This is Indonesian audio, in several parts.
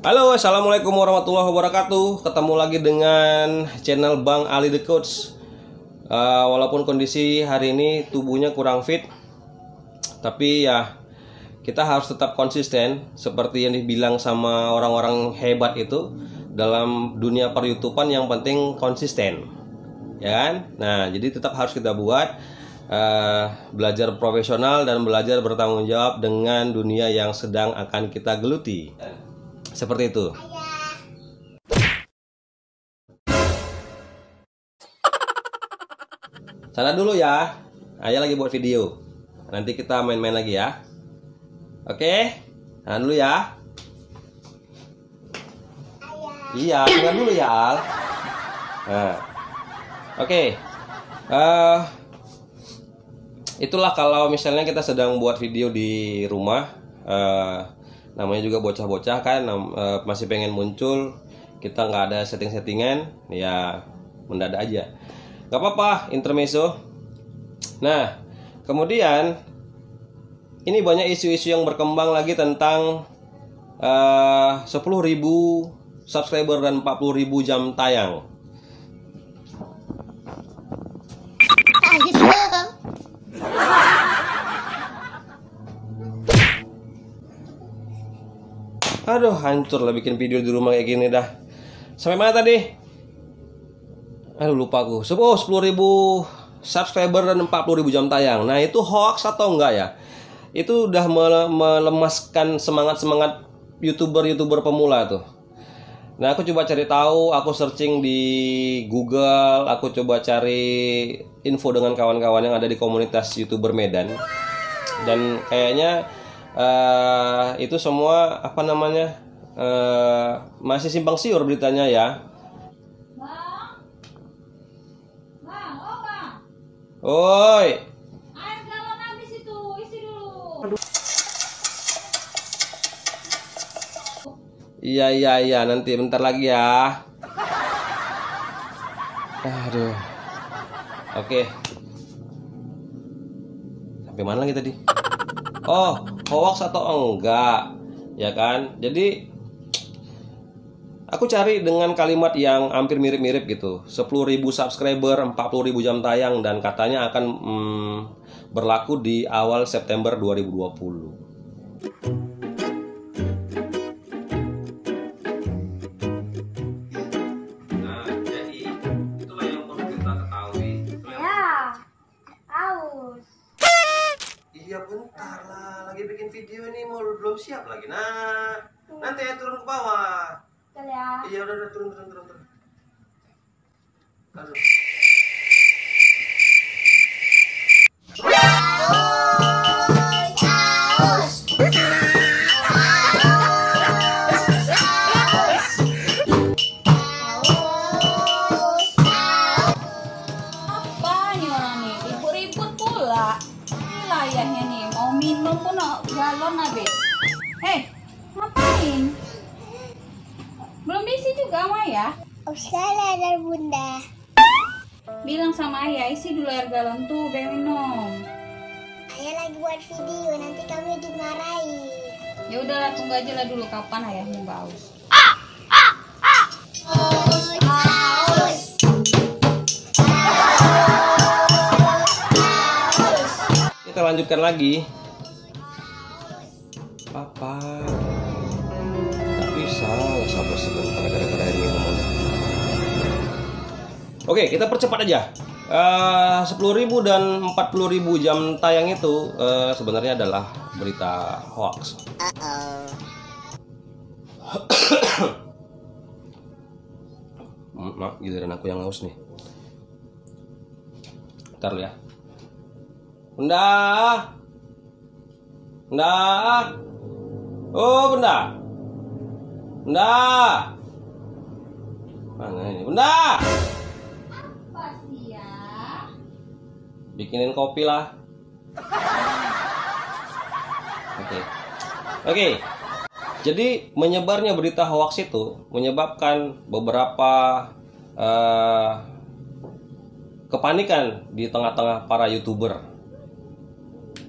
Halo, assalamualaikum warahmatullahi wabarakatuh. Ketemu lagi dengan channel Bang Ali the Coach. Uh, walaupun kondisi hari ini tubuhnya kurang fit, tapi ya kita harus tetap konsisten seperti yang dibilang sama orang-orang hebat itu dalam dunia peryutupan yang penting konsisten, ya kan? Nah, jadi tetap harus kita buat uh, belajar profesional dan belajar bertanggung jawab dengan dunia yang sedang akan kita geluti. Seperti itu. Sana dulu ya. Ayah lagi buat video. Nanti kita main-main lagi ya. Oke? Sana dulu ya. Iya, tinggal dulu ya Al. Nah. Oke. Uh, itulah kalau misalnya kita sedang buat video di rumah. Uh, namanya juga bocah-bocah kan e, masih pengen muncul kita nggak ada setting-settingan ya mendadak aja nggak apa-apa intermezzo nah kemudian ini banyak isu-isu yang berkembang lagi tentang e, uh, 10.000 subscriber dan 40.000 jam tayang Aduh hancur lah bikin video di rumah kayak gini dah Sampai mana tadi? Aduh lupa aku Oh 10 ribu subscriber dan 40 ribu jam tayang Nah itu hoax atau enggak ya? Itu udah melemaskan semangat-semangat youtuber-youtuber pemula tuh Nah aku coba cari tahu, aku searching di Google, aku coba cari info dengan kawan-kawan yang ada di komunitas youtuber Medan dan kayaknya uh, itu semua apa namanya uh, masih simpang siur beritanya ya. Oi. Air galon habis isi dulu. Iya iya iya, nanti bentar lagi ya. Aduh. Oke. Sampai mana lagi tadi? oh hoax atau enggak ya kan jadi aku cari dengan kalimat yang hampir mirip-mirip gitu 10.000 subscriber 40.000 jam tayang dan katanya akan hmm, berlaku di awal September 2020 video ini mau belum siap lagi nah hmm. nanti ya turun ke bawah ya iya udah udah turun turun turun turun Aduh. balon kuno, balon nabe. Hei, ngapain? Belum isi juga sama ayah? Usah ada bunda. Bilang sama ayah, isi dulu air galon tuh, biar minum. Ayah lagi buat video, nanti kami dimarahi. Ya udahlah, tunggu aja lah dulu kapan ayah mau baus. Ah, ah, Kita lanjutkan lagi. Papa tapi bisa sabar sebentar gara-gara ini Oke kita percepat aja eh, Sepuluh ribu dan empat ribu jam tayang itu uh, sebenarnya adalah berita hoax. Uh -oh. Mak, giliran aku yang haus nih. Ntar ya. Nda. Nda. Oh, benda. Benda. Mana ini? Benda. Apa sih ya? Bikinin kopi lah. Oke. Okay. Oke. Okay. Jadi menyebarnya berita hoax itu menyebabkan beberapa uh, kepanikan di tengah-tengah para youtuber.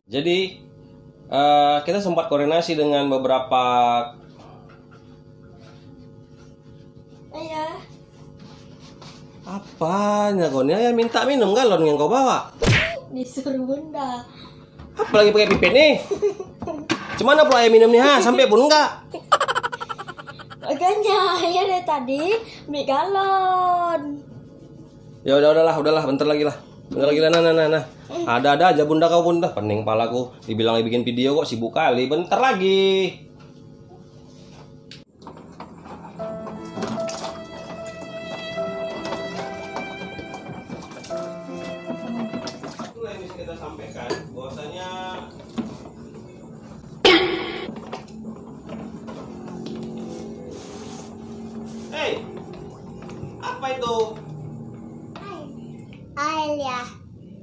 Jadi uh, kita sempat koordinasi dengan beberapa Ayah. Apanya kau ya, ya minta minum galon kan, yang kau bawa? Disuruh bunda. Apalagi pakai pipet nih? Cuman apa ayah minum nih ha? Sampai pun enggak. Makanya ayah dari tadi beli galon. Ya udah udahlah udahlah bentar lagi lah. Bener lagi nah nah nah. Ada-ada aja bunda kau bunda. Pening palaku. Dibilang bikin video kok sibuk kali. Bentar lagi. sampaikan bahwasanya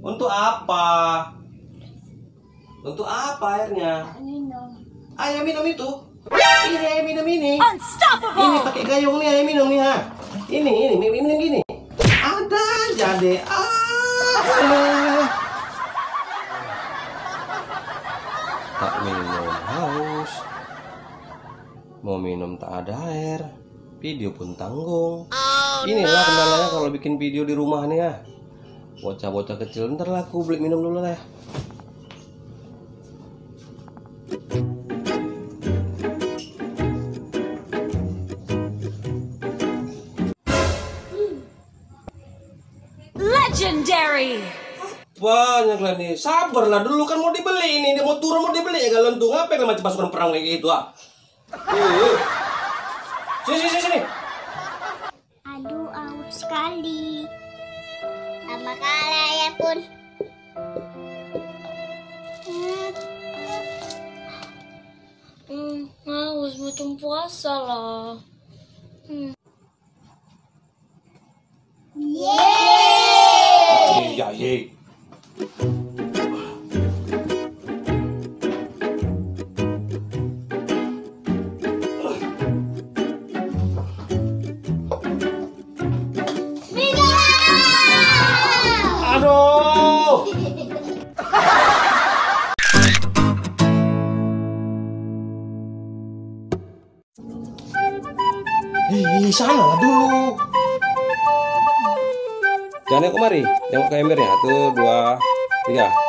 Untuk apa? Untuk apa airnya? Minum. Air minum itu. Ini air minum ini. Unstoppable. Ini pakai gayung nih air minum nih ha. Ini ini minum gini. Ada aja deh. Ah. Tak minum haus. Mau minum tak ada air. Video pun tanggung. Oh, Inilah no. kendalanya kalau bikin video di rumah nih ya bocah-bocah kecil ntar lah aku beli minum dulu lah Legendary. Banyak lah nih, sabarlah dulu kan mau dibeli ini, dia mau turun mau dibeli ya galon tuh ngapain macam pasukan perang kayak gitu ah. Iya. Sini sini sini. Aduh, aus sekali makala yapun. Hmm, haus, puasa lah. Hmm. Ih, sana dulu. Jangan yang kemari, yang ke embernya. Satu, dua, tiga.